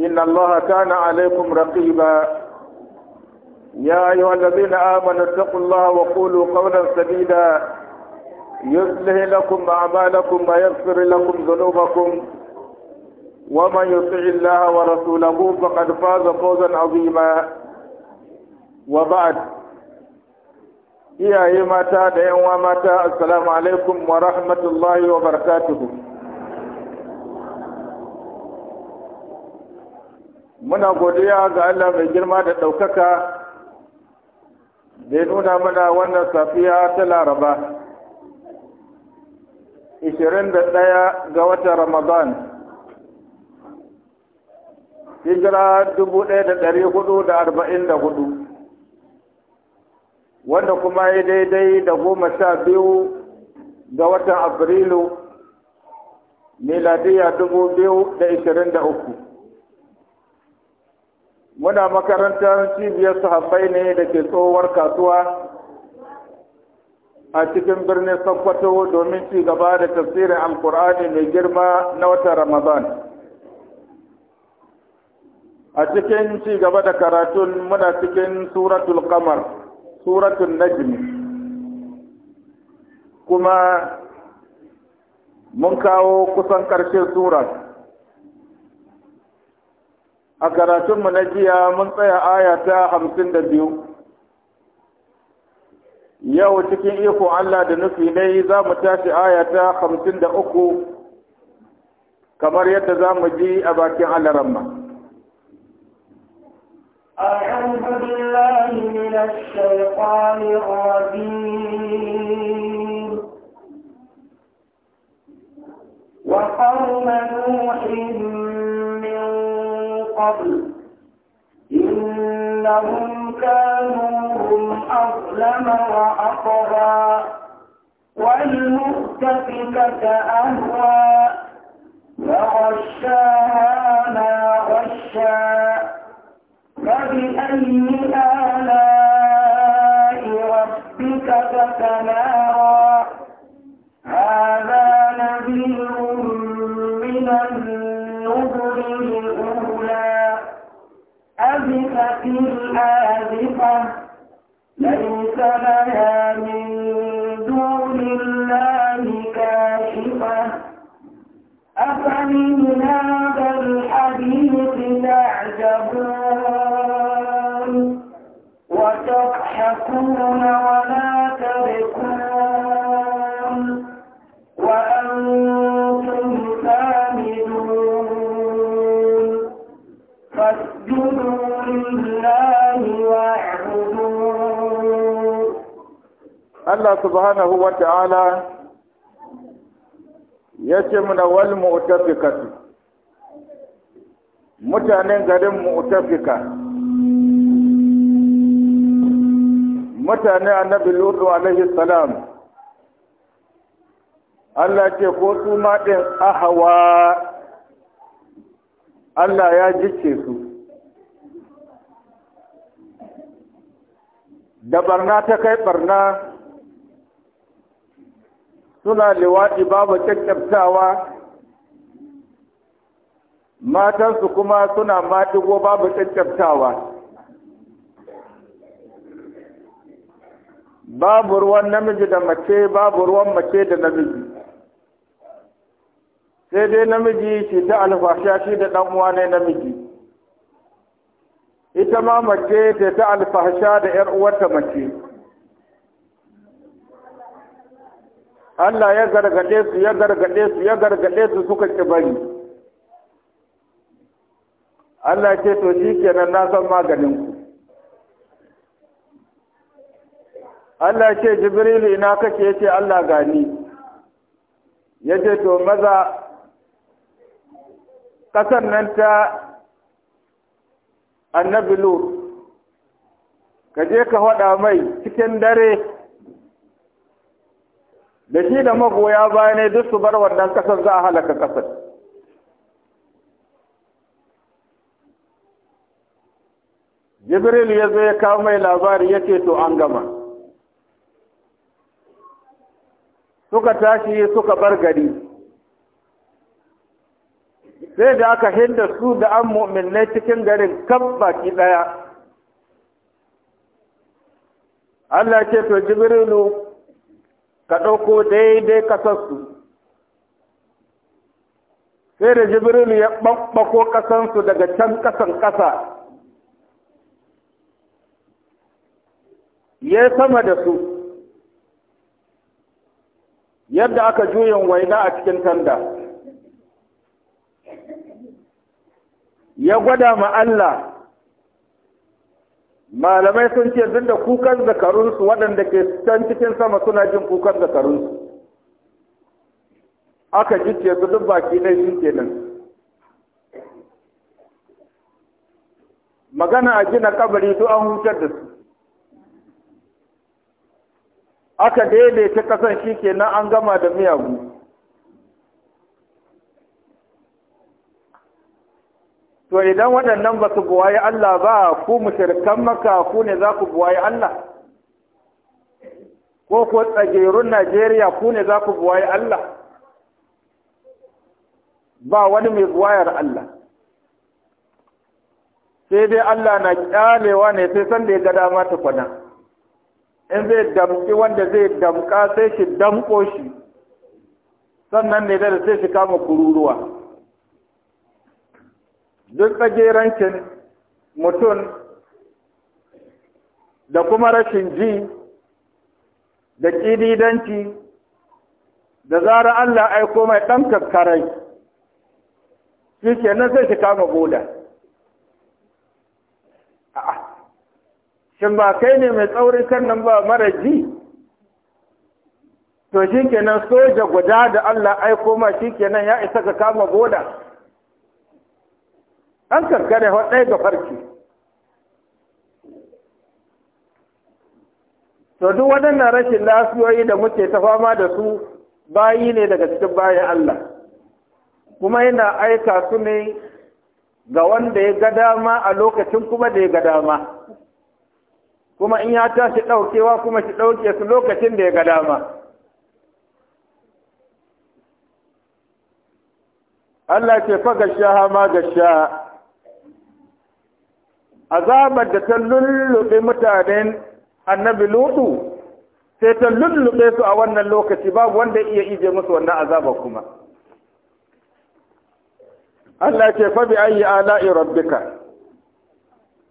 إن الله كان عليكم رقيبا يا أيها الذين آمنوا اتقوا الله وقولوا قولا سديدا يصلح لكم أعمالكم ويغفر لكم ذنوبكم ومن يطع الله ورسوله فقد فاز فوزا عظيما وبعد يا أيها da 'yan uwa mata assalamu alaikum wa muna godiya ga Allah mai girma da ɗaukaka da ya nuna mana wannan safiya ta laraba 21 ga watan ramadan hijira 1444 wanda kuma ya daidai da goma sha biyu ga watan afrilu miladiya 2023 muna makarantar cibiyar sahabbai ne da ke tsohuwar kasuwa a cikin birnin sokoto domin ci gaba da tafsirin alkur'ani mai girma na watan ramadan a cikin ci gaba da karatun muna cikin suratul kamar suratul najmi kuma mun kawo kusan ƙarshen surar a karatunmu na jiya mun tsaya aya ta hamsin da biyu yau cikin ikon Allah da nufi ne za mu tashi aya ta hamsin da uku kamar yadda za mu ji a bakin alaramma. أعوذ وقوم نوح قبل إنهم كانوا أظلم وأطغى والمؤتفكة أهوى وغشاها ما غشى فبأي آلاء ربك تتنادى آذفة ليس لها من دون الله كاشفة أفمن هذا الحديث تعجبون وتضحكون ولا Allah subhanahu wa ta'ala ya ce muna wal mu'tafikatu mutanen garin mu'tafika mutane annabi lutu alaihi salam Allah ce ko su ma ɗin ahawa Allah ya jice su da barna ta kai barna suna liwaɗi babu kyakkyaftawa matansu kuma suna maɗigo babu kyakkyaftawa babu ruwan namiji da mace babu ruwan mace da namiji sai dai namiji shi ta alfasha shi da ɗan uwa ne namiji ita ma mace ta ta alfasha da ‘yar uwarta mace Allah ya gargade su ya gargade su ya gargade su suka ki bari Allah ce to shi kenan na san maganin ku Allah ce Jibrilu ina kake yace Allah gani yace to maza ƙasar nan ta annabi Lut ka je ka faɗa mai cikin dare da shi da magoya baya ne duk su bar wannan kasar za a halaka kasar jibril ya zo ya kawo mai labari ya ce to an gama suka tashi suka bar gari sai da aka hinda su da an mu'minai cikin garin kan baki ɗaya Allah ce to jibrilu ka ɗauko daidai ƙasarsu sai da jibrilu ya ɓaɓɓako ƙasarsu daga can ƙasan ƙasa ya sama da su yadda aka juyin waina a cikin tanda ya gwada ma Allah malamai sun ce duk da kukan zakarunsu waɗanda ke can cikin sama suna jin kukan zakarunsu aka jice su duk baki ɗai sun ke nan magana a gina kabari duk an hutar da su aka daidaita kasan shi ke nan an gama da miyagu to idan waɗannan ba su buwaye Allah ba ku mushrikan maka ku ne za ku buwaye Allah ko ko tsagerun Najeriya ku ne za ku buwaye Allah ba wani mai buwayar Allah sai dai Allah na kyalewa ne sai san da ya ga dama tukuna in zai damƙi wanda zai damƙa sai shi damƙo shi sannan ne da sai shi kama kururuwa duk tsagerancin mutum da kuma rashin ji da ƙididanci da zarar Allah aiko mai ɗan kakkarai shi ke nan sai shi kama goda. Shin ba kai ne mai tsauri kan nan ba mara ji? To shi ke nan soja guda da Allah aiko ma shi ke nan ya isa ka kama goda. an karkare ɗaya ga farki to duk waɗannan rashin lafiyoyi da muke ta fama da su bayi ne daga cikin bayan Allah kuma yana aika su ne ga wanda ya ga dama a lokacin kuma da ya ga dama kuma in ya tashi ɗaukewa kuma shi ɗauke su lokacin da ya ga dama Allah ce fa gashaha ma ga gasha azabar da ta lullube mutanen annabi lutu sai ta lullube su a wannan lokaci babu wanda iya ije musu wannan azaba kuma Allah ce fa bi ayi ala'i rabbika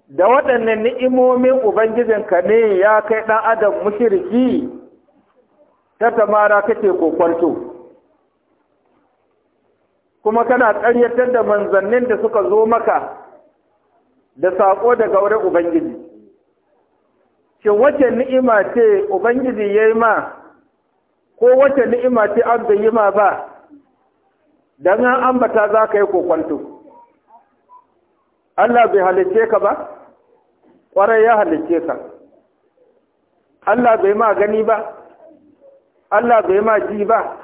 da waɗannan ni'imomin ubangijinka ne ya kai ɗan adam mushriki ta tamara kake kokwanto kuma kana ƙaryatar da manzannin da suka zo maka da saƙo daga wurin Ubangiji. Shin wace ni'ima ce Ubangiji ya yi ma, ko wace ni'ima ce an bai yi ma ba, don an ambata za ka yi kokwanto. Allah bai halicce ka ba, ƙwarai ya halicce ka. Allah bai ma gani ba, Allah bai ma ji ba,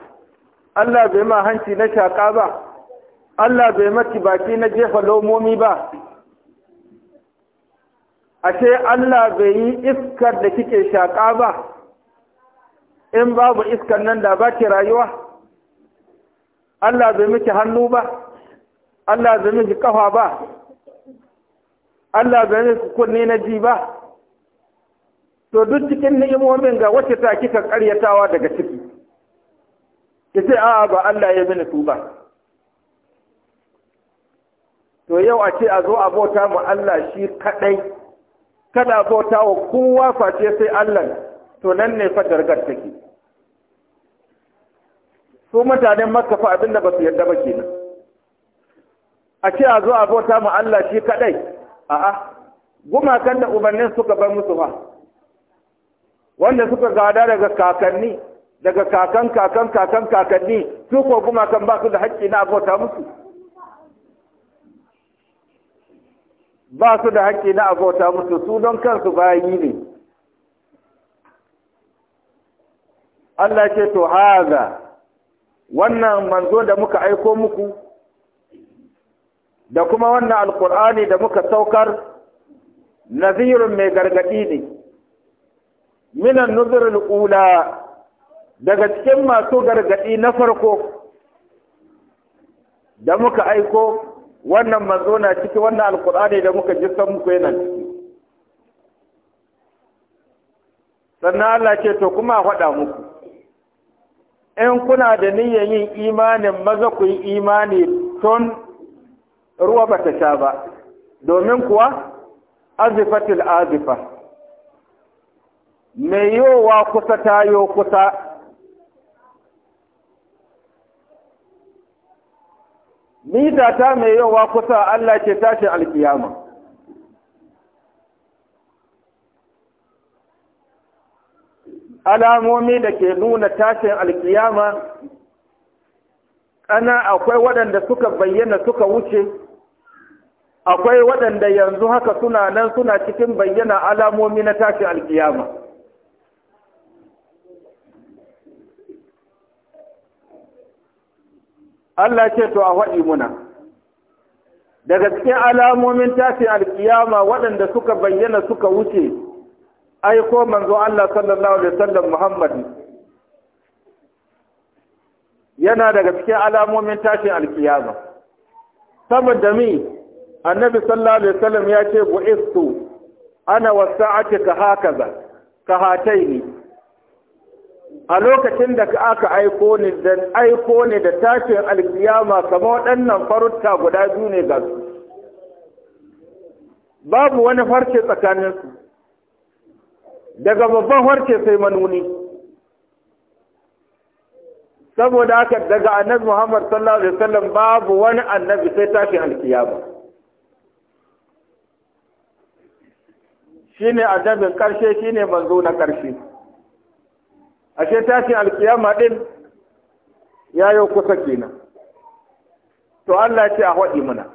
Allah bai ma hanci na shaƙa ba, Allah bai maki baki na jefa lomomi ba. ashe Allah bai yi iskar da kike shaƙa ba in babu iskar nan da ba ke rayuwa Allah bai miki hannu ba Allah bai miki kafa ba Allah bai miki kunne na ji ba to duk cikin ni'imomin ga wacce ta kika karyatawa daga ciki ki ce a'a ba Allah ya bani su ba to yau a ce a zo a bauta mu Allah shi kaɗai. kada bauta wa kowa face sai Allah to nan ne fa dargar take su mutanen makka fa abinda ba su yarda ba kenan a ce a zo a bauta mu Allah shi kadai a'a gumakan da ubannin suka bar musu ba wanda suka gada daga kakanni daga kakan kakan kakan kakanni su ko gumakan ba su da hakki na abota musu ba su da hakki na abota musu su don kansu bayi ne Allah ce to haza wannan manzo da muka aiko muku da kuma wannan alkur'ani da muka saukar nazirun mai gargadi ne minan nuzurul ula daga cikin masu gargadi na farko da muka aiko wannan manzo na ciki wannan alkur'ani da muka ji san muku yana ciki sannan Allah ce to kuma faɗa muku in kuna da niyyar yin imanin maza ku yi imani tun ruwa bata sha ba domin kuwa azifatil azifa mai yowa kusa tayo kusa mita ta mai yawa kusa Allah ke tashin alkiyama alamomi da ke nuna tashin alkiyama ana akwai waɗanda suka bayyana suka wuce akwai waɗanda yanzu haka suna nan suna cikin bayyana alamomi na tashin alkiyama Allah ce to a waɗi muna daga cikin alamomin tashin alkiyama waɗanda suka bayyana suka wuce ko manzo Allah sallallahu alaihi wasallam Muhammadu yana daga cikin alamomin tashin alkiyama saboda mi annabi sallallahu alaihi wasallam ya ce bu'istu ana ake ka hakaza ka hataini a lokacin da aka aiko ni da aiko ni da tashin alkiyama kamar waɗannan farutta guda biyu ne ga su babu wani farce tsakaninsu daga babban farce sai manuni saboda haka daga annabi Muhammad sallallahu alaihi wasallam babu wani annabi sai tashin alkiyama shine annabin karshe shine manzo na karshe ashe tashin alkiyama din ya yi kusa kenan to Allah ce a haɗi muna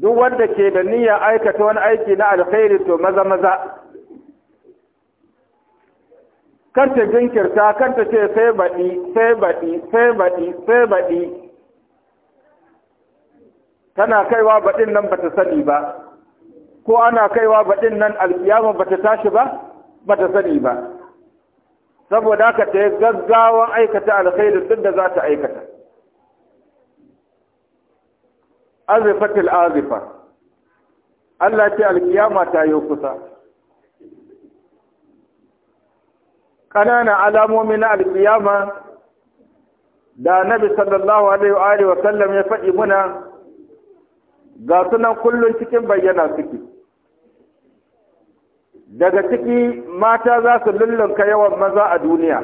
duk wanda ke da niyya aikata wani aiki na alkhairi to maza maza kanta jinkirta kanta ce sai baɗi sai baɗi sai baɗi sai baɗi tana kaiwa baɗin nan bata sani ba ko ana kaiwa baɗin nan alkiyama bata tashi ba bata sani ba saboda haka ta yi gaggawan aikata alkhairu duk da za ta aikata Azifatul azifa Allah ce alkiyama ta yi kusa ƙananan alamomi na alkiyama da nabi sallallahu alaihi wa sallam ya faɗi muna ga sunan kullum cikin bayyana suke daga ciki mata za su lullunka yawan maza a duniya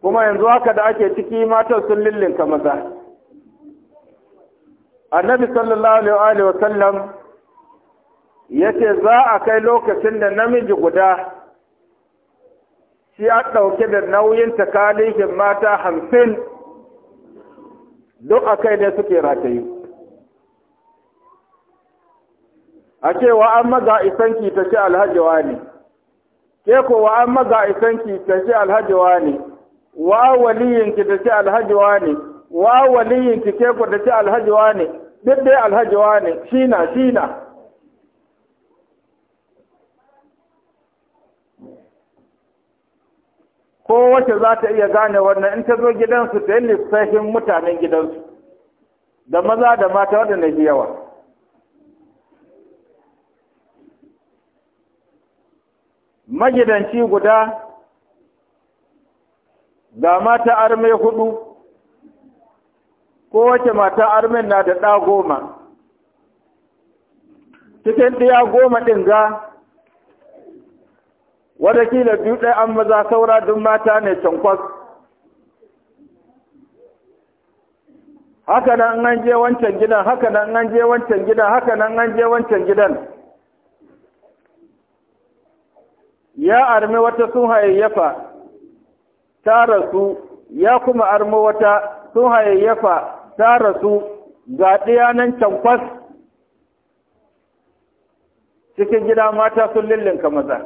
kuma yanzu haka da ake ciki matan sun lullunka maza annabi sallallahu alaihi wa sallam ya ce za a kai lokacin da namiji guda shi a ɗauke da nauyin takalihin mata hamsin duk a kai ne suke ratayi. a ce wa an maza isanki ta ce alhaji wani ke ko wa an maza isanki ta ce alhaji wani wa waliyinki ta ce alhaji wani wa waliyinki ke ko ta ce alhaji wani duk dai alhaji wani shina shina ko wacce za ta iya gane wannan in ta zo gidansu ta yi lissafin mutanen gidansu da maza da mata waɗanda yawa. magidanci guda da mata arme hudu wace mata armen na da ɗa goma cikin ɗiya goma ɗin ga wadda kila biyu ɗaya an maza saura duk mata ne cankwas haka nan an je wancan gidan haka nan an je wancan gidan haka nan an je wancan gidan ya armi wata sun hayayyafa ta rasu ya kuma armi wata sun hayayyafa ta rasu ga ɗaya nan cankwas cikin gida mata sun lillinka maza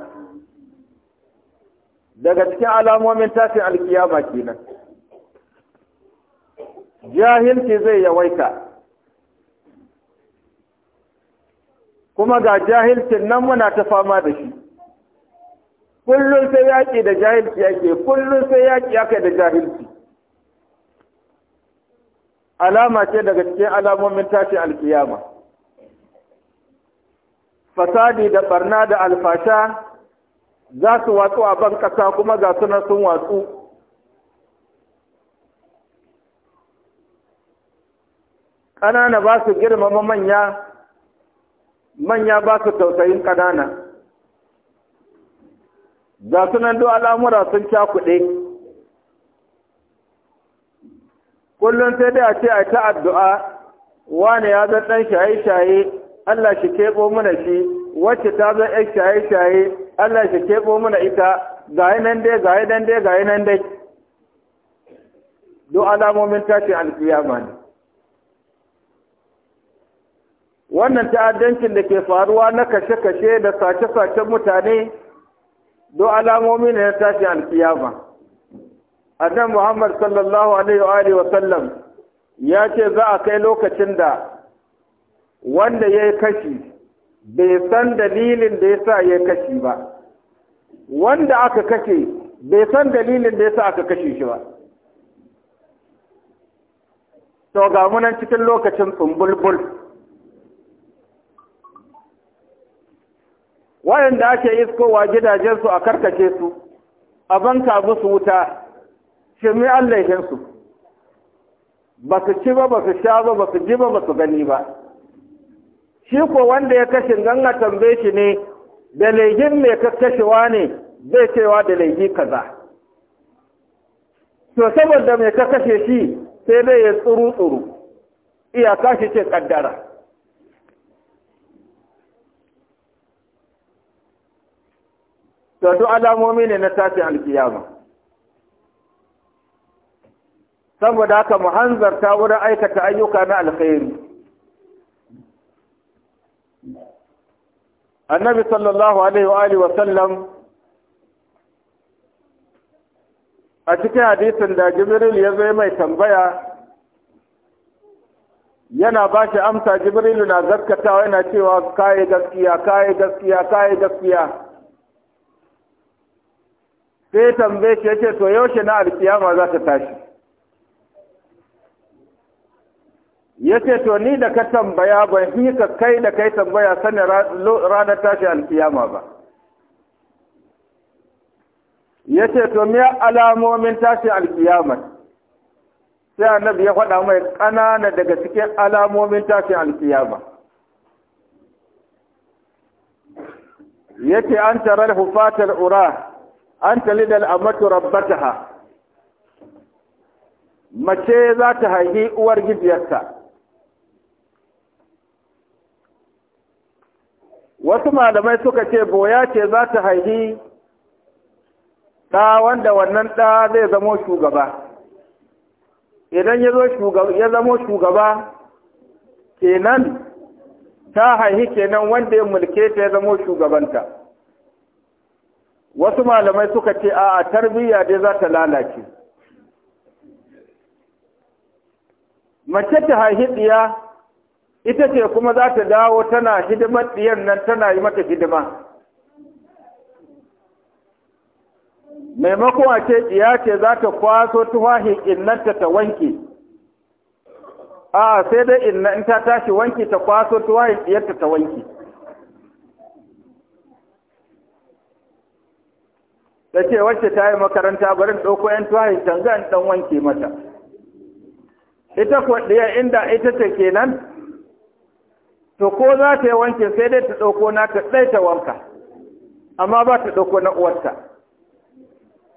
daga cikin alamomin tashin alkiyama kenan jahilci zai yawaita kuma ga jahilcin nan muna ta fama da shi kullum sai yaƙi da jahilci yake kullum sai yaƙi kai da jahilci alama ce daga cikin alamomin tashin alkiyama fasadi da barna da alfasha za su watsu a ban ƙasa kuma ga suna sun watsu ƙanana ba su girmama manya manya ba su tausayin ƙanana su nan duk al'amura sun kuɗe. kullum sai dai a ce a ta addu'a wane ya zan ɗan shaye-shaye Allah shi keɓo mana shi wacce ta zan ɗan shaye-shaye Allah shi keɓo mana ita ga nan dai ga nan dai ga nan dai duk alamomin tashin ma ne wannan ta'addancin da ke faruwa na kashe-kashe da sace-sacen mutane do alamomi ne ya tashi alkiyama annabi Muhammad sallallahu alaihi wa alihi wa sallam ya ce za a kai lokacin da wanda ya yi kashi bai san dalilin da ya sa ya kashi ba wanda aka kashe bai san dalilin da ya sa aka kashe shi ba to ga munan cikin lokacin tsumbulbul waɗanda ake iskowa gidajensu a karkace su a banka musu wuta shirme an laifinsu ba su ci ba ba su sha ba ba su ji ba ba su gani ba shi ko wanda ya kashe ganga tambaye shi ne da mai kakkashewa ne zai cewa da laihi kaza to saboda mai kakkashe shi sai dai ya tsuru tsuru iyaka shi ce kaddara to alamomi ne na tafi alkiyama saboda haka mu hanzarta wurin aikata ayyuka na alkhairi annabi sallallahu alaihi wa alihi wa sallam a cikin hadisin da jibril ya zo mai tambaya yana ba shi amsa jibrilu na gaskatawa yana cewa kayi gaskiya kayi gaskiya kayi gaskiya sai tambaye shi yace to yaushe na alkiyama za ta tashi yace to ni da ka tambaya ban yi ka kai da kai tambaya sani ranar tashi alkiyama ba yace to me alamomin tashi alkiyama sai annabi ya faɗa mai ƙanana daga cikin alamomin tashi alkiyama yace an tarar hufatar ura an tali da al'amatu ha mace za ta haihi uwar gijiyarta wasu malamai suka ce boya ce za ta haihi ɗa wanda wannan ɗa zai zamo shugaba idan ya zamo shugaba kenan ta haihi kenan wanda ya mulke ta ya zamo shugabanta wasu malamai suka ce a a tarbiyya dai za ta lalace mace ta haihidiya ita ce kuma za ta dawo tana hidimar diyan nan tana yi mata hidima maimakon a ce diya ce za ta kwaso tuwahi innanta ta wanke a sai dai inna in ta tashi wanki ta kwaso tuwahi diyarta ta wanke ta ce wacce ta yi makaranta barin ɗauko ‘yan tuwahin tangan ɗan wanke mata. Ita kwaɗiya inda ita ce kenan, to ko za ta yi wanke sai dai ta ɗauko na ta ɗai ta wanka, amma ba ta ɗauko na uwarta,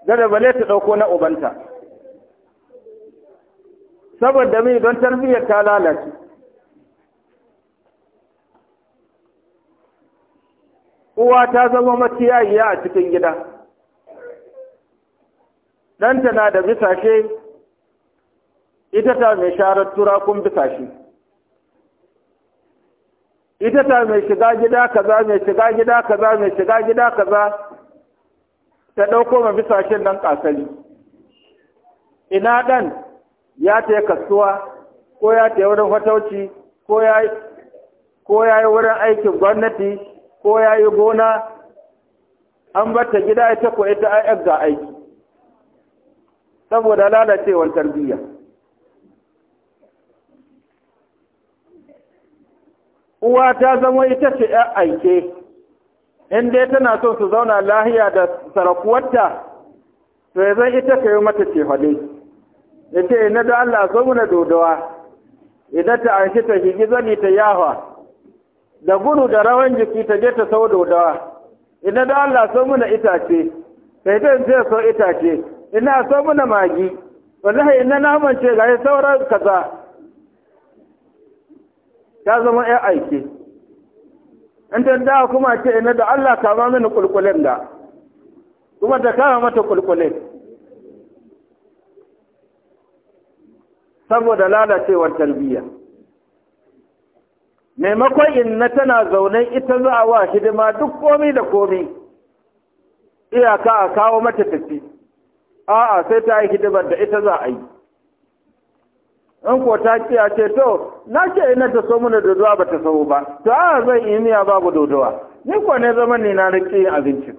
gada bale ta ɗauko na ubanta. Saboda mi don tarbiyyar ta lalace. Uwa ta zama maciyayiya a cikin gida. ɗanta na da bisashe ita ta mai sharar turakun bisashe ita ta mai shiga gida kaza mai shiga gida kaza mai shiga gida kaza ta ɗauko ma bisashen nan ƙasali ina ɗan ya ta yi kasuwa ko ya ta yi wurin fatauci ko ya yi wurin aikin gwamnati ko ya yi gona an bata gida ita ko ita ai ga aiki saboda lalacewar tarbiyya uwa ta zama ita ce ya aike in dai tana son su zauna lahiya da sarakuwarta to ya zai ita ka yi mata hade ya ce ina da Allah so na dodowa idan ta an ta higi zani ta yawa da gudu da rawan jiki ta je ta sau dodowa ina da Allah so na itace sai ta so itace ina so muna magi wallahi ina na mance ga sauran kaza ta zama ya aike an ta da kuma ce ina da Allah kama mini kulkulin da kuma ta kama mata kulkulin saboda lalacewar tarbiyya maimakon inna tana zaune ita za a wa hidima duk komi da komi iyaka a kawo mata tafi a'a sai ta yi hidimar da ita za a yi in ko ta ce ce to na ce ina ta so mana zuwa ba ta sahu ba to a zan yi miya babu dodowa ni ko ne zaman ne na rike yin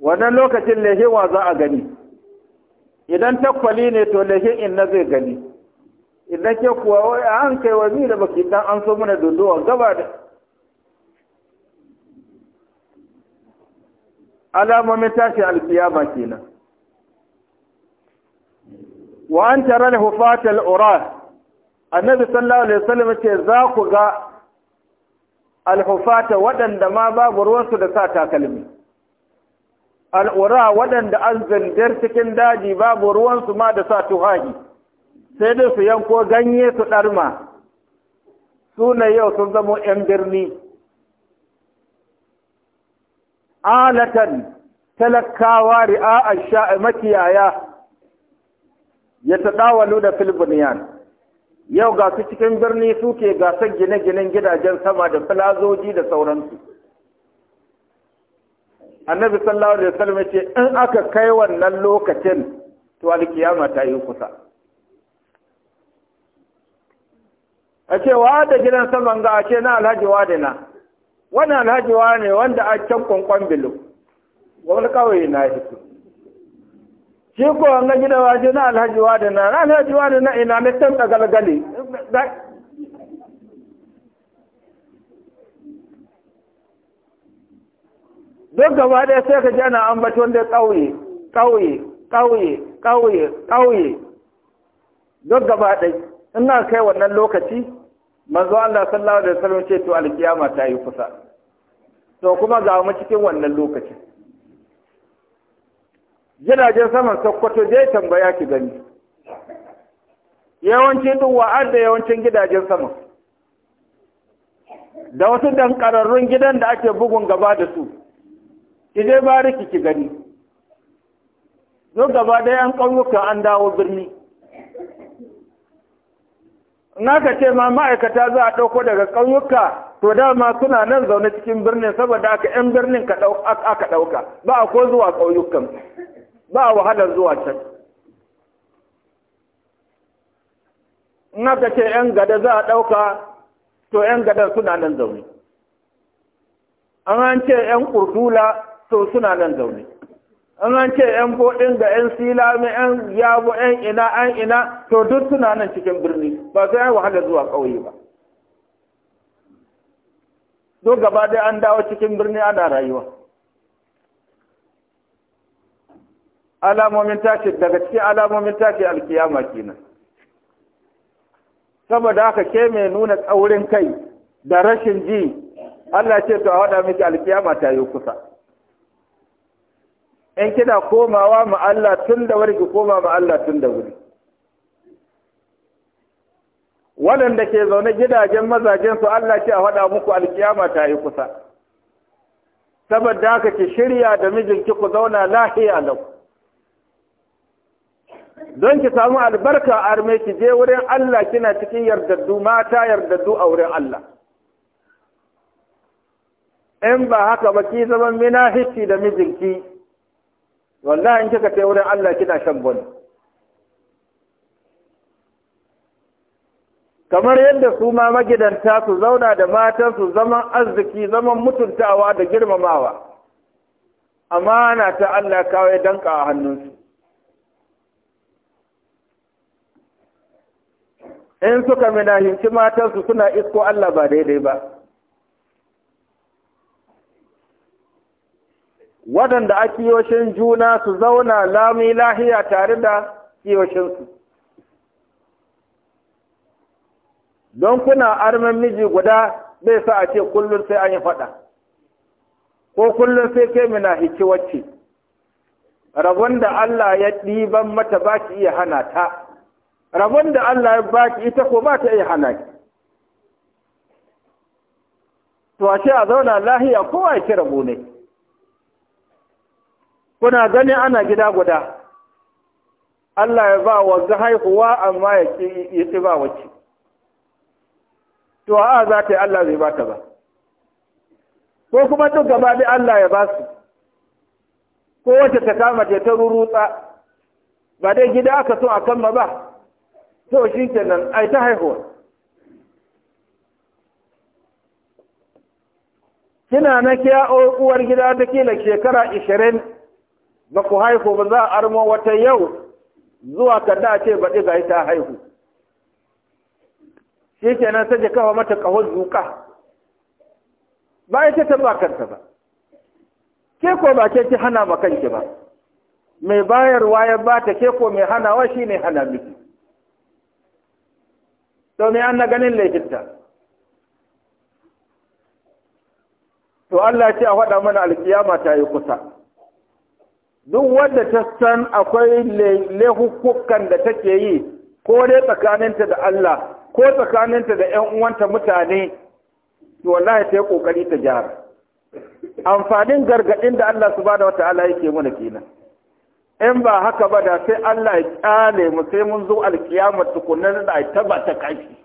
wannan lokacin lehewa za a gani idan takwali ne to lehe in na zai gani idan ke kuwa an kai da baki dan an so mana dodowa gaba da alamomin tashi alkiyama kenan wa an tara da hufatal annabi sallallahu alaihi wasallam ce za ku ga alhufata waɗanda ma babu ruwansu da sa takalmi al'ura waɗanda an zandar cikin daji babu ruwansu ma da sa tuhahi sai dai su yanko ganye su ɗarma suna yau sun zamo ‘yan birni alatan talakawa ri'a sha makiyaya ya taɗawalu da filbuniyan yau ga su cikin birni suke gasar gine-ginen gidajen sama da filazoji da sauransu annabi sallallahu alaihi wasallam ya ce in aka kai wannan lokacin to alkiyama ta yi kusa a ce wa da gidan saman ga a na alhaji wadina wani alhajiwa ne wanda a can kwankwan bilu wani kawai na hito shi ko an ga gida wa na alhajiwa da na alhajiwa da na ina na can galgali duk gaba ɗaya sai ka ji ana ambaton da ƙauye ƙauye ƙauye ƙauye ƙauye duk gaba ɗaya ina kai wannan lokaci manzo Allah sallallahu alaihi wasallam ce to alkiyama ta yi kusa to kuma ga mu cikin wannan lokacin jiragen saman Sokoto zai tambaya ki gani yawancin duk wa'ad da yawancin gidajen sama da wasu dankararrun gidan da ake bugun gaba da su ki je bariki ki gani zo gaba da an ƙauyuka an dawo birni naka ce ma ma'aikata za a ɗauko daga ƙauyuka to dama suna nan zaune cikin birnin saboda aka 'yan birnin aka ɗauka ba a ko zuwa ƙauyukan ba a wahalar zuwa can naka ce 'yan gada za a ɗauka to 'yan gadar suna nan zaune an ce 'yan ƙurdula to suna nan zaune in an ce yan buɗin, da yan mai yan yabo yan ina an ina to duk suna nan cikin birni ba sai an wahala zuwa ƙauye ba duk gaba dai an dawo cikin birni ana rayuwa alamomin tashi daga cikin alamomin tashi alkiyama kenan saboda haka ke mai nuna tsaurin kai da rashin ji Allah ce to a waɗa miki alkiyama ta yi kusa in kina komawa ma Allah tun da wuri ki koma ma Allah tun da wuri waɗanda ke zaune gidajen mazajen su Allah ce a faɗa muku alkiyama ta yi kusa saboda haka ki shirya da mijinki ku zauna lahiya lau don ki samu albarka a arme ki je wurin Allah kina cikin yardaddu mata yardaddu a wurin Allah in ba haka ba ki zaman minahicci da mijinki wallahi in kika kai wurin Allah kina shan bane kamar yadda su ma magidanta su zauna da matansu zaman arziki zaman mutuntawa da girmamawa amana ta Allah kawai danka a hannunsu in suka minahinci matansu suna isko Allah ba daidai ba waɗanda a kiyoshin juna su zauna lami lahiya tare da kiyoshinsu. Don kuna armin miji guda bai sa a ce kullum sai an yi faɗa, ko kullum sai ke mina hiki wacce, rabon da Allah ya ɗiban mata ba ki iya hana ta, rabon da Allah ya ba ki ita ko ba ta iya hana ki. To, ashe a zauna lahiya kowa ya ci rabo ne. kuna gani ana gida guda Allah ya ba wa haihuwa amma ya ƙi ba wacce to a za ta yi Allah zai ba ta ba ko kuma duk gaba da Allah ya ba su ko wacce ta kama ta ta rurutsa ba dai gida aka so a kama ba to shi kenan ai ta haihuwa kina na kiya uwar gida ta kila shekara ishirin ba ku haihu ba za a armo wata yau zuwa ka da ce baɗi ga ita haihu shi kenan sai kafa mata ƙahon zuƙa ba ita ta ba kanta ba ke ko ba ke ki hana ma kanki ba mai bayarwa ya ba ta ke ko mai hanawa shi ne hana miki to me an na ganin laifinta to Allah ya ce a faɗa mana alkiyama ta yi kusa duk wanda ta san akwai lehukukan da take yi ko dai tsakaninta da Allah ko tsakaninta da ‘yan uwanta mutane to wallahi ta yi ƙoƙari ta gyara amfanin gargaɗin da Allah su wata ala yake mana kenan in ba haka ba da sai Allah ya ƙyale mu sai mun zo alkiyama tukunan da a taba ta kashi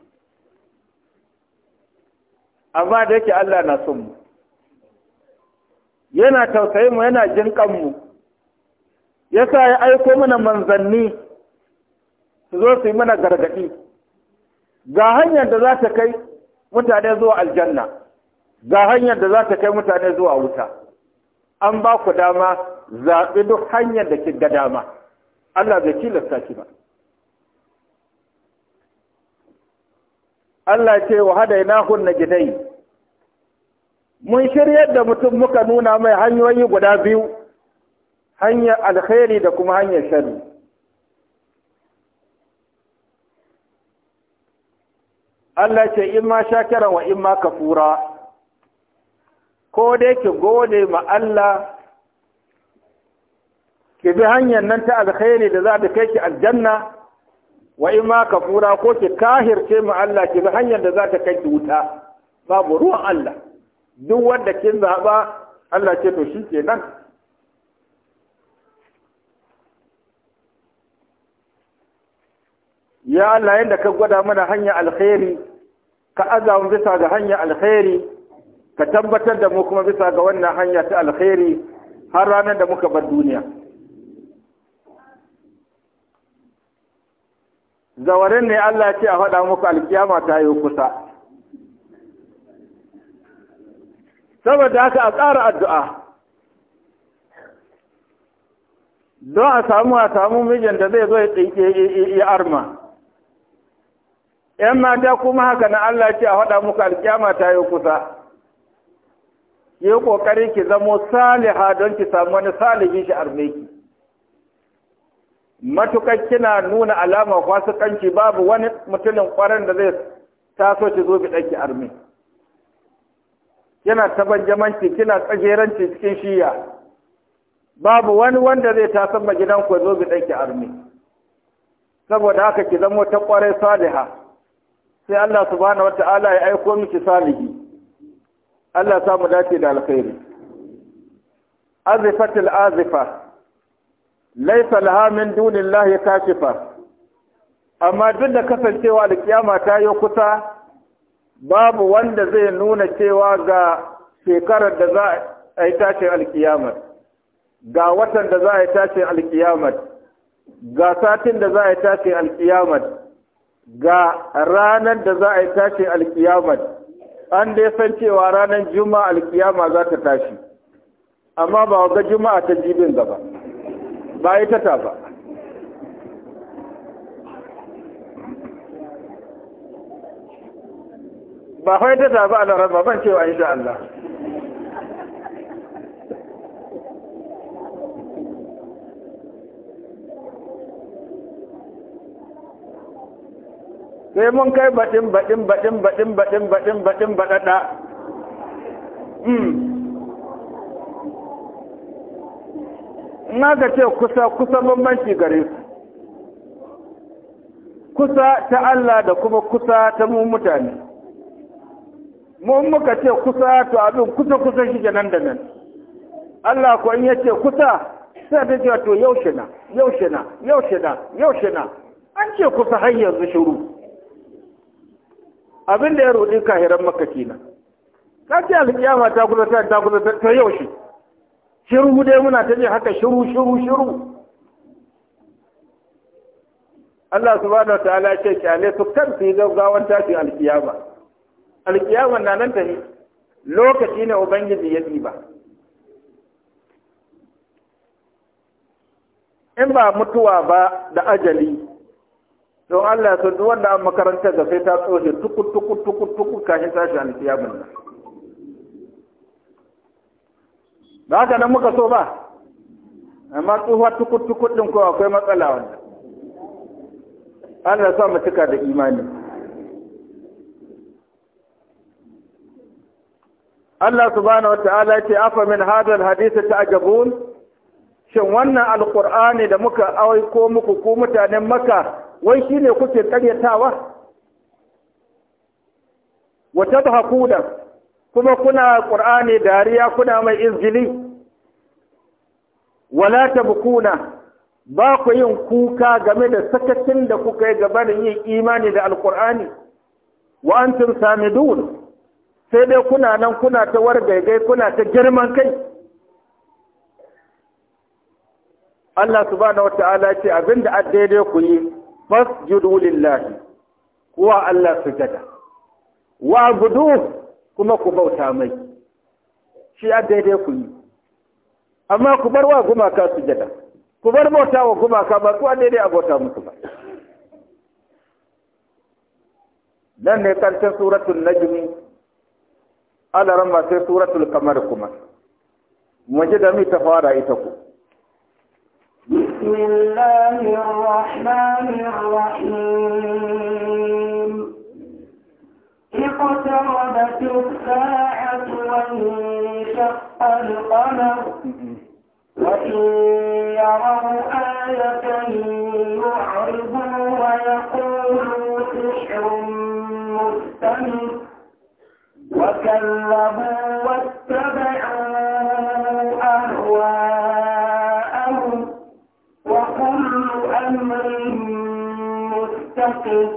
amma da yake Allah na son mu yana tausayin mu yana jin mu Ya sa ya aiko mana manzanni su zo su yi mana gargaɗi ga hanyar da za ta kai mutane zuwa aljanna ga hanyar da za ta kai mutane zuwa wuta an ba ku dama zaɓi duk hanyar da ga dama Allah bai tilasta ki ba Allah ce wa hadainahu gidai mun shiryar da mutum muka nuna mai hanyoyi guda biyu hanyar alkhairi da kuma hanyar shari Allah ce in ma shakiran wa in ma kafura ko dai ki gode ma Allah ki bi hanyar nan ta alkhairi da za ta kai ki aljanna wa in ma kafura ko ki kahirce ma Allah ki bi hanyar da za ta kai ki wuta babu ruwan Allah duk wanda kin zaba Allah ce to shi kenan ya Allah yadda ka gwada mana hanya alkhairi ka aza mu bisa ga hanya alkhairi ka tabbatar da mu kuma bisa ga wannan hanya ta alkhairi har ranar da muka bar duniya zawarin ne Allah ce a faɗa muku alkiyama ta yi kusa saboda haka a tsara addu'a don a samu a samu mijin da zai zo ya arma ‘yan mata kuma haka na Allah ce a faɗa muku alƙyama ta yi kusa, ki yi ƙoƙari ki zamo saliha don ki samu wani salihin shi arme ki. Matukar kina nuna alama fasikanci babu wani mutumin ƙwarar da zai taso ki zo bi ɗanki arme. Kina taban jamanci kina tsageranci cikin shiya. Babu wani wanda zai taso ma gidan ku zo ki ɗanki arme. Saboda haka ki zamo ta ƙwarai saliha. sai Allah subhanahu wata'ala ya aiko miki salihi Allah ta mu dace da alkhairi azifatil azifa laysa laha min dunillahi kashifa amma duk da kasancewa da kiyama ta yi kusa babu wanda zai nuna cewa ga shekarar da za a yi tashin alkiyamar ga watan da za a yi tashin alkiyamar ga satin da za a yi tashin alkiyamar ga ranar da za a yi tashin alkiyamar an dai san cewa ranar juma'a alkiyama za ta tashi amma ba ga juma'a ta jibin gaba ba yi ta ba ba fa ta ba a ba ban cewa insha Allah sai mun kai baɗin baɗin baɗin baɗin baɗin baɗin baɗin baɗaɗa hmm. na ga ce kusa kusa bambanci gare su kusa ta Allah da kuma kusa ta mu mutane Mun muka ce kusa to abin kusa kusa shi nan da nan Allah ko in yace kusa sai ta ce to yaushe na yaushe na yaushe na yaushe na an ce kusa har yanzu shiru abin da ya roɗi kahiran maka kina ka ce alƙiyama ta kusa ta ta kusa ta yau shi shiru dai muna ta ji haka shiru shiru shiru Allah subhanahu ta'ala ya ce kyale su kan fi yi ta tashin alƙiyama alƙiyama na nan ta ne lokaci ne ubangiji ya ɗiba in ba mutuwa ba da ajali don Allah ya san duk wanda an makarantar da sai ta tsohe tukur kashin tashi an kiyamun nan ba haka nan muka so ba amma tsohuwa tukur ɗin din ko akwai matsala wanda Allah ya sa mu cika da imani Allah subhanahu wa ta'ala ya ce afa min hadal hadisi ta'jabun shin wannan alkur'ani da muka aiko muku ko mutanen maka wai shi ne kuke karyatawa wata da kuma kuna ƙur'ani dariya kuna mai izini wala ta bukuna ba ku yin kuka game da sakacin da kuka yi gaba da yin imani da alkur'ani wa antum samidun sai dai kuna nan kuna ta wargaigai kuna ta girman kai Allah subhanahu wata'ala ce abinda an daidai ku yi fasjudu lillahi kuwa Allah sujada wa gudu kuma ku bauta mai shi an daidai ku yi amma ku bar wa gumaka sujada ku bar bauta wa gumaka ba su an daidai a bauta musu ba nan ne karshen suratul najmi ala ramma sai suratul kamar kuma mu ji da mi ta fara ita ku بسم الله الرحمن الرحيم اقتربت الساعة وانشق القمر وإن يروا آية يعرضوا ويقولوا سحر مستمر وكذبوا واتبعوا حقه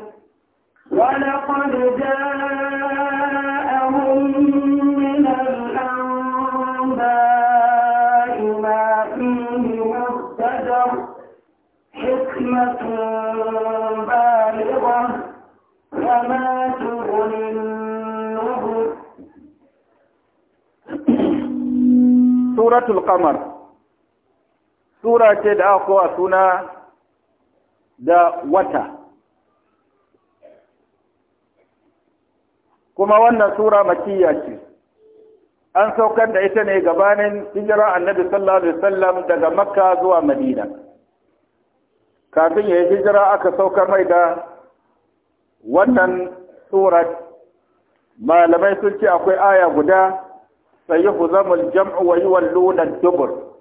ولقد جاءهم من الأنباء ما فيه مفتدر حكمة بالغة فما تغني النذر سورة القمر sura ce da aka kowa suna da wata kuma wannan sura makiyya ce an saukar da ita ne gabanin hijira annabi sallallahu alaihi wasallam daga makka zuwa madina kafin ya yi hijira aka saukar mai da wannan surat malamai sun ce akwai aya guda sai zamul, jam'u wa yi dubur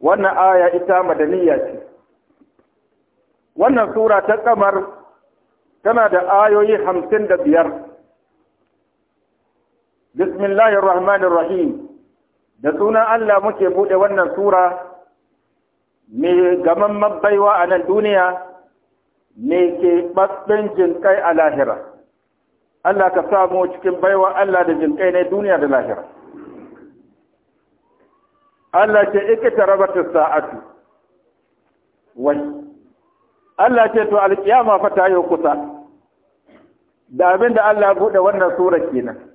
wannan aya ita madaniya ce wannan sura ta kamar tana da ayoyi hamsin da biyar bismillahir rahmanir rahim da sunan Allah muke bude wannan sura me gaman mabbaiwa a nan duniya me ke batsin jinkai a lahira Allah ka samu cikin baiwa Allah da jinkai na duniya da lahira Allah ce ikita rabata sa'atu Wai. Allah ce to alkiyama fa ta yi kusa da abin da Allah bude wannan sura kenan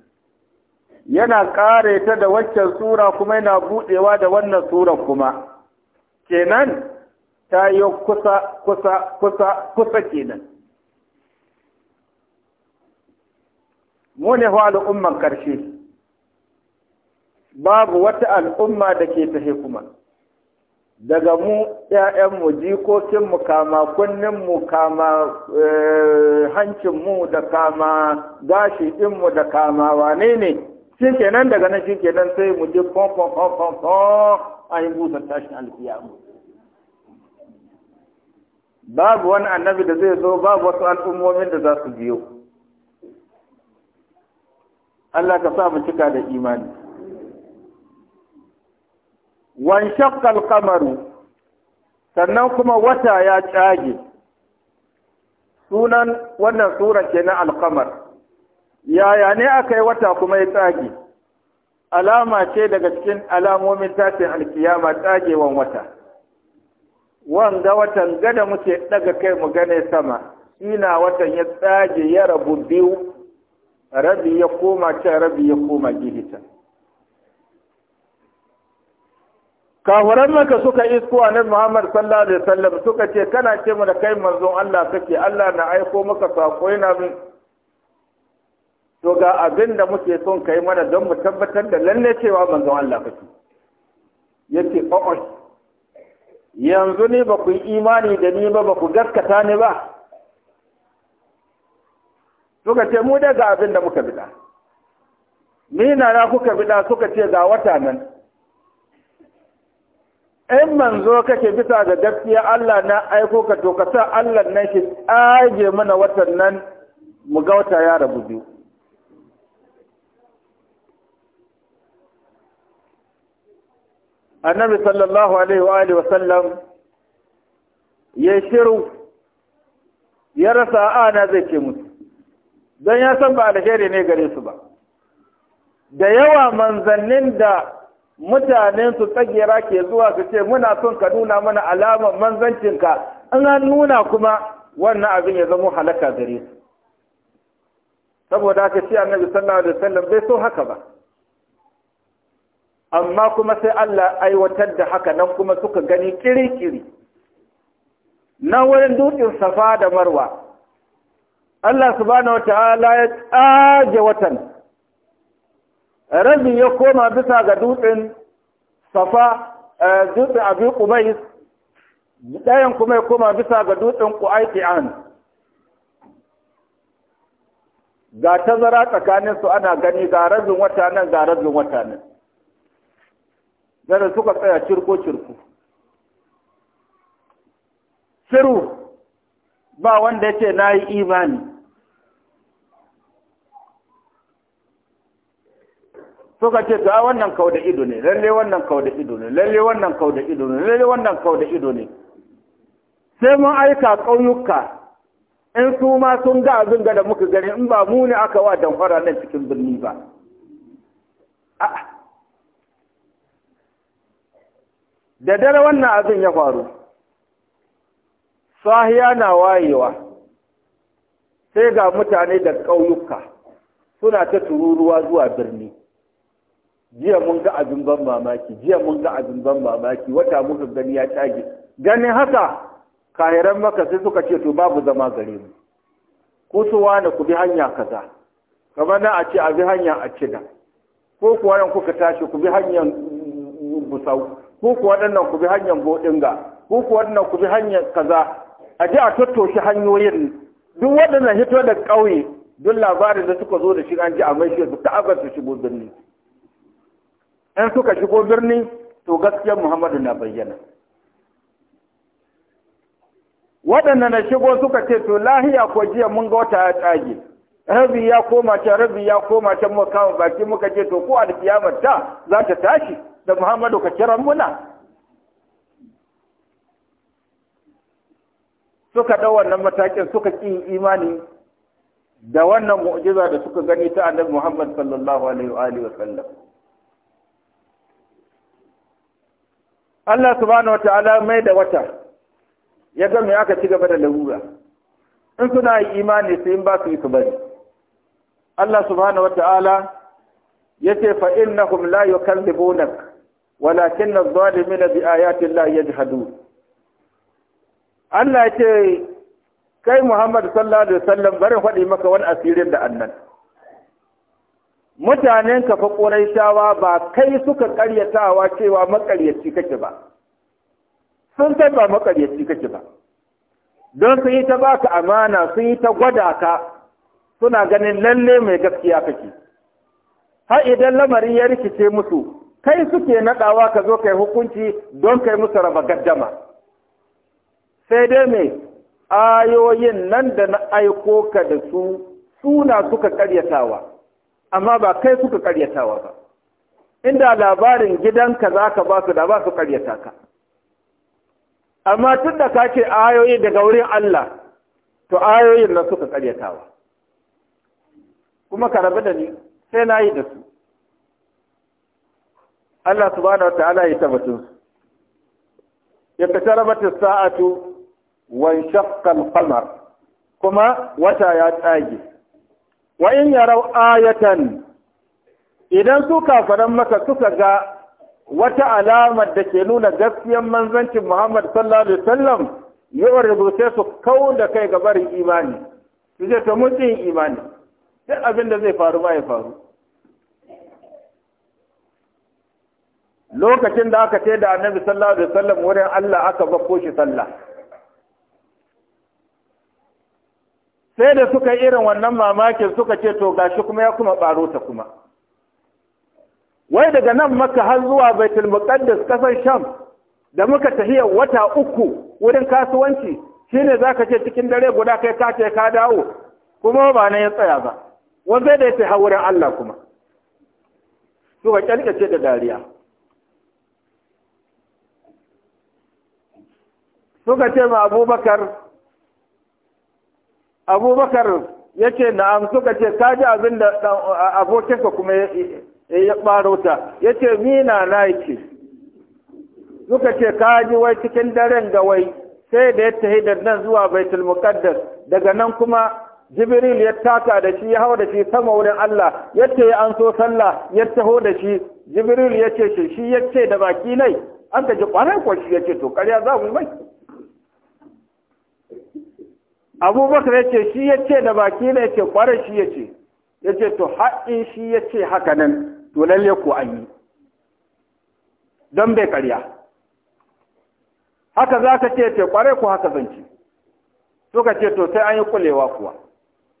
yana ƙare ta da waccan sura kuma yana buɗewa da wannan sura kuma kenan ta yi kusa kusa kusa kusa kenan mu ne fa al'umman ƙarshe babu wata al'umma da ke ta kuma daga mu ‘ya'yanmu jikokinmu kama mu kama eh, hancinmu da kama gashi ɗinmu da kama wane ne shi kenan daga nan shi kenan sai mu je pom pom pom pom a yi musu tashin alkiyamu babu wani annabi da zai zo babu wasu al'ummomin da za su biyo Allah ka sa mu cika da imani wan shakkal kamaru sannan kuma wata ya cage sunan wannan sura na na alkamar yaya ne aka yi wata kuma ya tsage alama ce daga cikin alamomin tashin alkiyama tsagewan wata wanga watan gada muke daga kai mu gane sama ina watan ya tsage ya rabu biyu rabi ya koma can rabi ya koma gihita kafuran maka suka isko nan Muhammad sallallahu alaihi wasallam suka ce kana ce mu da kai manzon Allah kake Allah na aiko maka sako yana min to ga abin da muke son ka yi mana don mu tabbatar da lalle cewa manzon Allah kake yace o'osh yanzu ne ba ku yi imani da ni ba ba ku gaskata ni ba suka ce mu daga abin da muka bida ni na na kuka bida suka ce ga wata nan in manzo kake bisa ga gaskiya Allah na aiko ka to ka sa Allah nan shi tsage mana watan nan mu ga wata ya rabu biyu annabi sallallahu alaihi wa alihi wasallam ya shiru ya rasa ana zai ce musu don ya san ba alheri ne gare su ba da yawa manzannin da mutanen su tsagera ke zuwa su ce muna son ka nuna mana alamar manzancinka in an nuna kuma wannan abin ya zama halaka gare su saboda haka shi annabi sallallahu alaihi wasallam bai so haka ba amma kuma sai Allah aiwatar da haka nan kuma suka gani kiri-kiri na wurin dutsen safa da marwa Allah subhanahu ala ya tsage watan rabin ya koma bisa ga dutsen safa eh, dutsen abin kumais ɗayan kuma ya koma bisa ga dutsen an. ga tazara tsakaninsu ana gani ga rabin wata nan ga rabin wata nan da suka tsaya cirko cirku. shiru ba wanda ya ce na yi imani suka ce ga wannan kau da ido ne lalle wannan kau da ido ne lalle wannan kau da ido ne lalle wannan kau da ido ne sai mun aika ƙauyuka in su ma sun ga abin da muka gani in ba mu ne aka wa damfara nan cikin birni ba a'a ah, da dare wannan abin ya faru sahiya na wayewa sai ga mutane da ƙauyuka suna ta tururuwa zuwa birni jiya mun ga abin ban mamaki jiya mun ga abin ban mamaki wata muka gani ya tage ganin haka kahiran maka sai suka ce to babu zama gare mu ku su wani ku bi hanya kaza kamar na a ce a bi hanya a cida ko kuwa nan kuka tashi ku bi hanyar busau ku ku waɗannan ku bi hanyar bodinga ku ku waɗannan ku bi hanyar kaza a ji a tattoshi hanyoyin duk waɗannan hito da ƙauye duk labarin da suka zo da shi an ji a mai shi su ta'abar su shigo birni in suka shigo birni to gaskiyar muhammadu na bayyana waɗanda na shigo suka ce to lahiya ko jiya mun ga wata ya tsage rabi ya koma can rabi ya koma can muka kama baki muka ce to ko alkiyamar ta za ta tashi da Muhammadu ka kiran muna suka ɗau wannan matakin suka ƙi imani da wannan mu'jiza da suka gani ta annabi Muhammad sallallahu alaihi wa wa sallam Allah subhanahu ta’ala mai da wata ya ga aka ci gaba da larura in suna yi imani sai in ba su yi su bari Allah subhanahu wata'ala yace fa innahum la yukallibunak walakin na zalimi na bi la ya hadu Allah ce kai Muhammad sallallahu alaihi wasallam bari faɗi maka wani asirin da annan mutanen ka fa ƙuraishawa ba kai suka ƙaryatawa cewa maƙaryaci kake ba sun san ba maƙaryaci kake ba don sun yi ta baka amana sun yi ta gwada ka suna ganin lalle mai gaskiya kake har idan lamarin ya rikice musu kai suke naɗawa ka zo kai hukunci don kai musu raba gaddama sai dai me ayoyin nan da na aiko ka da su suna suka karyatawa amma ba kai suka karyatawa ba inda labarin gidanka za ka ba su da ba su karyata ka amma tun da ka ce ayoyi daga wurin Allah to ayoyin nan suka karyatawa kuma ka rabu da ni sai na yi da su Allah subhanahu wa ta'ala ya tabbatun ya kasarabata sa'atu wa shaqqa al-qamar kuma wata ya tsage wa in yarau ayatan idan su kafaran maka suka ga wata alamar da ke nuna gaskiyar manzancin Muhammad sallallahu alaihi wasallam yu'ridu sai su da kai ga barin imani su je ta mutsin imani duk abin da zai faru ba ya faru lokacin da aka ce da annabi sallallahu alaihi wasallam wurin Allah aka bakko shi sallah sai da suka irin wannan mamakin suka ce to gashi kuma ya kuma baro ta kuma wai daga nan maka har zuwa baitul muqaddas kasar sham da muka tahiya wata uku wurin kasuwanci shine zaka ce cikin dare guda kai ka ce ka dawo kuma ba ne ya tsaya ba wanda da ya wurin Allah kuma suka kyalkace da dariya suka ce ma abubakar abubakar ya ce na'am suka ce ka ji abin da abokinka kuma ya ɓaro ta ya ce mina na yake suka ce ka ji wai cikin daren ga wai sai da ya tahi da nan zuwa baitul muqaddas daga nan kuma jibril ya taka da shi ya hau da shi sama wurin Allah ya ce ya an so sallah ya taho da shi jibril ya ce shi ya ce da baki nai an ka ji kwanar kwashi ya ce to karya za mu mai abubakar ya ce shi ya ce da baki na ya ce kwarar shi ya ce ya ce to haɗin shi ya ce haka nan to lalle ko an yi don bai karya haka za ka ce ce kwarai ko haka zance suka ce to sai an yi kulewa kuwa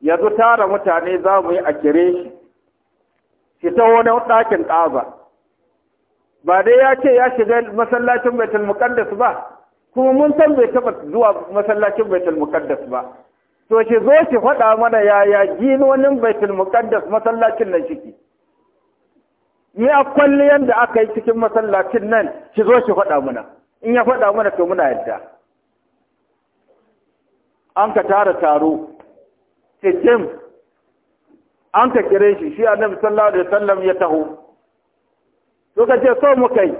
yanzu tara mutane za mu yi a kire shi shi ta wani ɗakin ƙaza ba dai ya ce ya shiga masallacin baitul muqaddas ba kuma mun san bai taɓa zuwa masallacin baitul muqaddas ba to ki zo ki faɗa mana yaya ginonin baitul muqaddas masallacin nan ciki ni a kwalli da aka yi cikin masallacin nan ki zo ki faɗa mana in ya faɗa mana to muna yadda an ka tara taro sittin an ka kire shi shi annabi sallallahu alaihi wasallam ya taho to ka ce so mu kai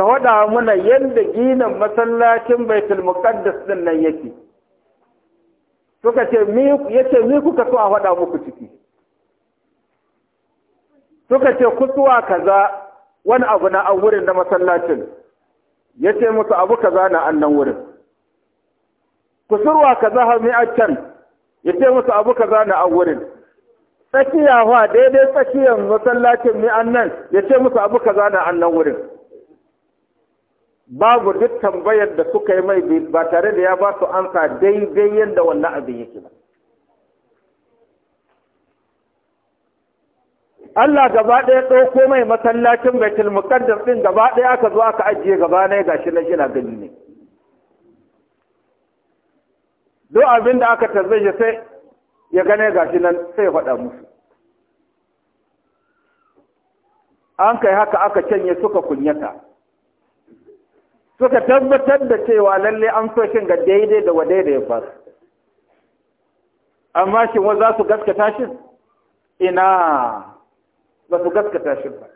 ka faɗa muna yadda ginin masallacin baitul muqaddas din nan yake suka ce mi yace mi kuka so a faɗa muku ciki suka ce kusuwa kaza wani abu na an wurin na masallacin yace musu abu kaza na annan wurin kusurwa kaza ha mi can yace musu abu kaza na an wurin tsakiya wa daidai tsakiyar masallacin mi annan yace musu abu kaza na annan wurin babu duk tambayar da suka yi mai ba tare da ya ba su ansa daidai yadda wannan abin yake ba Allah gaba ɗaya ɗauko mai masallacin baitul muqaddas ɗin gaba ɗaya aka zo aka ajiye gaba ne gashi na shina gani ne duk abin da aka tarbe sai ya gane gashi nan sai ya faɗa musu an kai haka aka canye suka kunyata suka tabbatar da cewa lalle an so shin ga daidai da wadai da ya faru amma shin wa za su gaskata shi ina ba su gaskata shi ba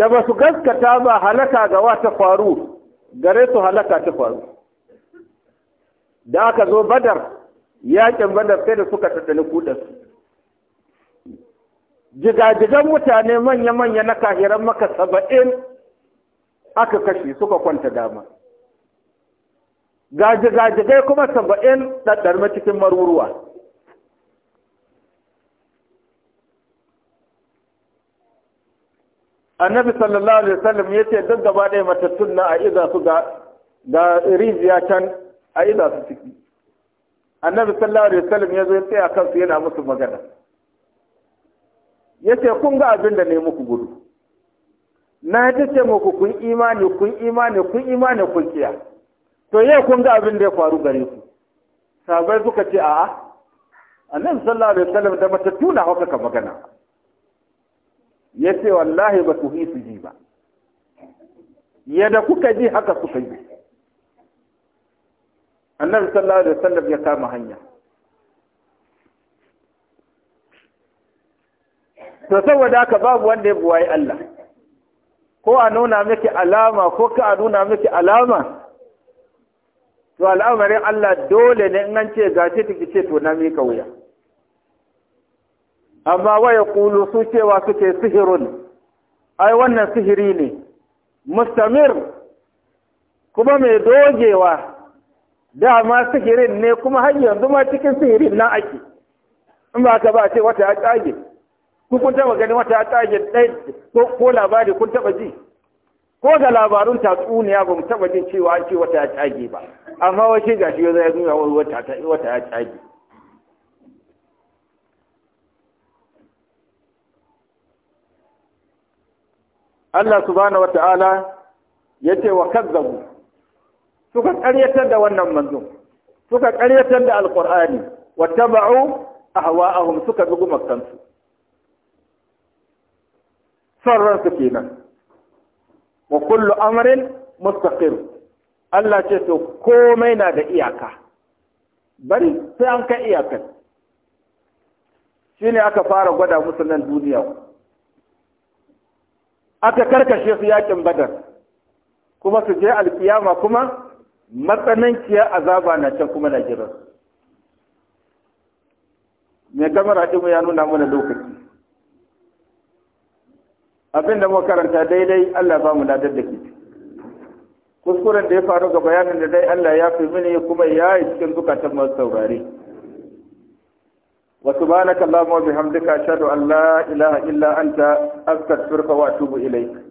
da ba su gaskata ba halaka ga ta faru gare su halaka ta faru da aka zo badar yakin badar sai da suka tattali kudansu jigajigan mutane manya-manya na kahiran maka saba'in aka kashe suka kwanta dama gajigajigai kuma saba'in ɗaɗɗarma cikin maruruwa annabi sallallahu alaihi wasallam ya ce duk gaba ɗaya matattun na a iza su ga ga rijiya can a iza su ciki annabi sallallahu alaihi wasallam ya zo ya tsaya kansu yana musu magana ya ce kun ga abin da ne muku gudu na ji ce muku kun imani kun imani kun imani kun kiya to yau kun ga abin da ya faru gare ku sabai suka ce a'a annan sallallahu alaihi wasallam da mata tuna haka ka magana yace wallahi ba ku yi su ji ba yadda kuka ji haka suka yi annan sallallahu alaihi wasallam ya kama hanya to saboda haka babu wanda ya buwaye Allah ko a nuna miki alama ko ka a nuna miki alama to al'amarin Allah dole ne in an ce gashi take ce to na mika wuya amma waya kulu su cewa suke sihirun ai wannan sihiri ne mustamir kuma mai dogewa dama sihirin ne kuma har yanzu ma cikin sihirin na ake in ba ka ba ce wata ya tsage ku kun taba ganin wata ta tsage ɗai ko labari kun taba ji ko da labarun tatsuniya ba mu taba jin cewa an ce wata ya tsage ba amma wace ga shi ya nuna wata ta wata ya tsage Allah subhanahu wata'ala ya ce wa kazzabu suka ƙaryatar da wannan manzo suka ƙaryatar da alqur'ani wattaba'u ahwa'ahum suka bi gumakansu son ransu kenan wa kullu amrin mustaqir Allah ce to komai na da iyaka bari sai an kai Shi shine aka fara gwada musu nan duniya aka karkashe su yakin badar kuma su je alkiyama kuma matsananciyar azaba na can kuma na jiran mai mu ya nuna mana lokaci abin da muka karanta daidai Allah ba mu ladar da ke kuskuren da ya faru ga bayanin da dai Allah ya fi mini kuma ya yi cikin zukatan masu saurare wa subhanaka allahumma wa bihamdika ashhadu an la ilaha illa anta astaghfiruka wa atubu ilayk